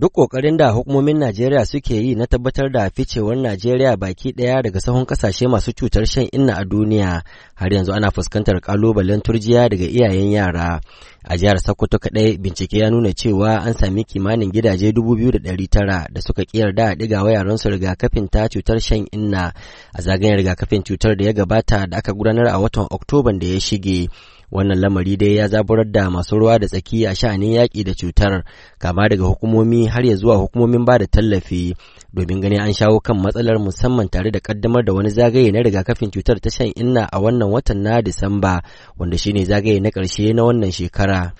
Duk ƙoƙarin da hukumomin Najeriya suke yi na tabbatar da ficewar Najeriya baki ɗaya daga sahun ƙasashe masu cutar shan inna a duniya har yanzu ana fuskantar ƙalubalen turjiya daga iyayen yara. A jihar Sokoto kaɗai bincike ya nuna cewa an sami kimanin gidaje 2,900 da suka ƙi yarda a wa yaransu rigakafin ta cutar shan inna a zagayen rigakafin cutar da ya gabata da aka gudanar a watan Oktoban da ya shige. wannan lamari dai ya zaburar da masu ruwa da tsaki a sha'anin yaƙi da cutar kama daga hukumomi har ya zuwa hukumomin ba da tallafi domin ganin an shawo kan matsalar musamman tare da kaddamar da wani zagaye na rigakafin cutar ta shan inna a wannan watan na disamba wanda shine zagaye na karshe na wannan shekara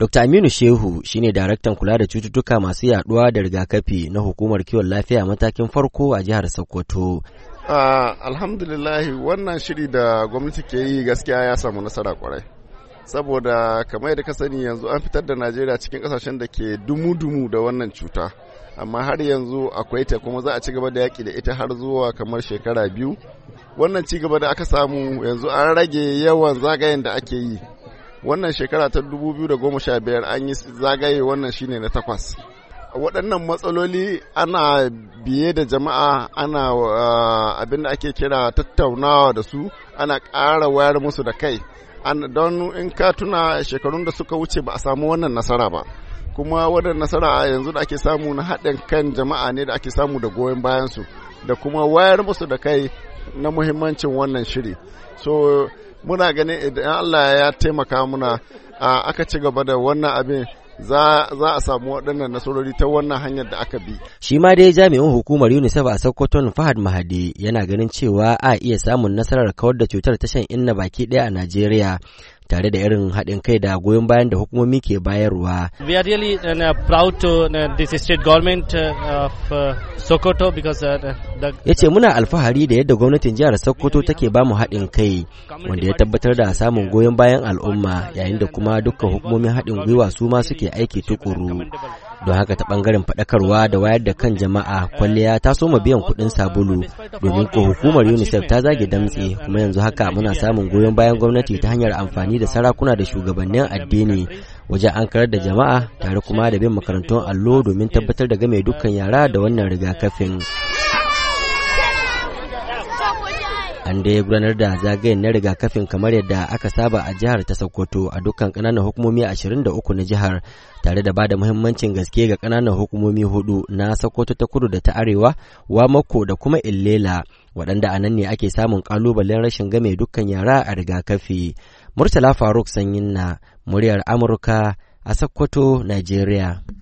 Dr. Aminu Shehu shine daraktan kula da cututtuka masu yaduwa da rigakafi na hukumar kiwon lafiya matakin farko a jihar Sokoto. Uh, alhamdulillahi wannan shiri da gwamnati ke yi gaskiya ya samu nasara kwarai saboda kamar da ka sani yanzu an fitar da najeriya cikin kasashen da ke dumu-dumu da wannan cuta amma har yanzu akwai ta kuma za a ci gaba da yaƙi da ita har zuwa kamar shekara biyu wannan ci gaba da aka samu yanzu an rage yawan zagayen da ake yi wannan shekara ta 2015 an yi zagaye wannan shine na takwas waɗannan matsaloli ana biye da jama'a ana ah, abin da ake kira tattaunawa da su ana ƙara wayar musu da kai don in ka tuna shekarun da suka wuce ba a samu wannan nasara ba kuma wannan nasara yanzu da ake samu na haɗin kan jama'a ne da ake samu da goyon bayansu da kuma wayar musu da kai na muhimmancin wannan shiri so muna ganin idan Allah ya taimaka muna ah, aka ci gaba da wannan abin za a samu waɗannan nasarori ta wannan hanyar da aka bi. Shi ma dai jami'in hukumar UNICEF a Sokoton Fahad Mahadi yana ganin cewa a iya samun nasarar kawar da cutar tashan inna baki ɗaya a Najeriya tare da irin haɗin kai da goyon bayan da hukumomi ke bayarwa. We are really uh, uh proud to uh, this state government uh, of uh, Sokoto because uh, the... Ya ce muna alfahari da yadda gwamnatin jihar Sokoto take ba mu haɗin kai wanda ya tabbatar da samun goyon bayan al'umma yayin da kuma dukkan hukumomin haɗin gwiwa su ma suke aiki tukuru. don haka ta bangaren faɗakarwa da wayar da kan jama'a kwalliya ta soma biyan kuɗin sabulu domin ko hukumar unicef ta zage damtse kuma yanzu haka muna samun goyon bayan gwamnati ta hanyar amfani da sarakuna da shugabannin addini wajen an karar da jama'a tare kuma da bin makarantun allo domin tabbatar da game dukkan yara da wannan rigakafin. an da ya gudanar da zagayen na rigakafin kamar yadda aka saba a jihar ta sokoto a dukkan kananan hukumomi 23 na jihar tare da bada muhimmancin gaske ga kananan hukumomi hudu na sokoto ta kudu da ta arewa wa mako da kuma illela waɗanda a nan ne ake samun kalubalen rashin game dukkan yara a rigakafi murtala faruk sanyin na muryar amurka a sokoto nigeria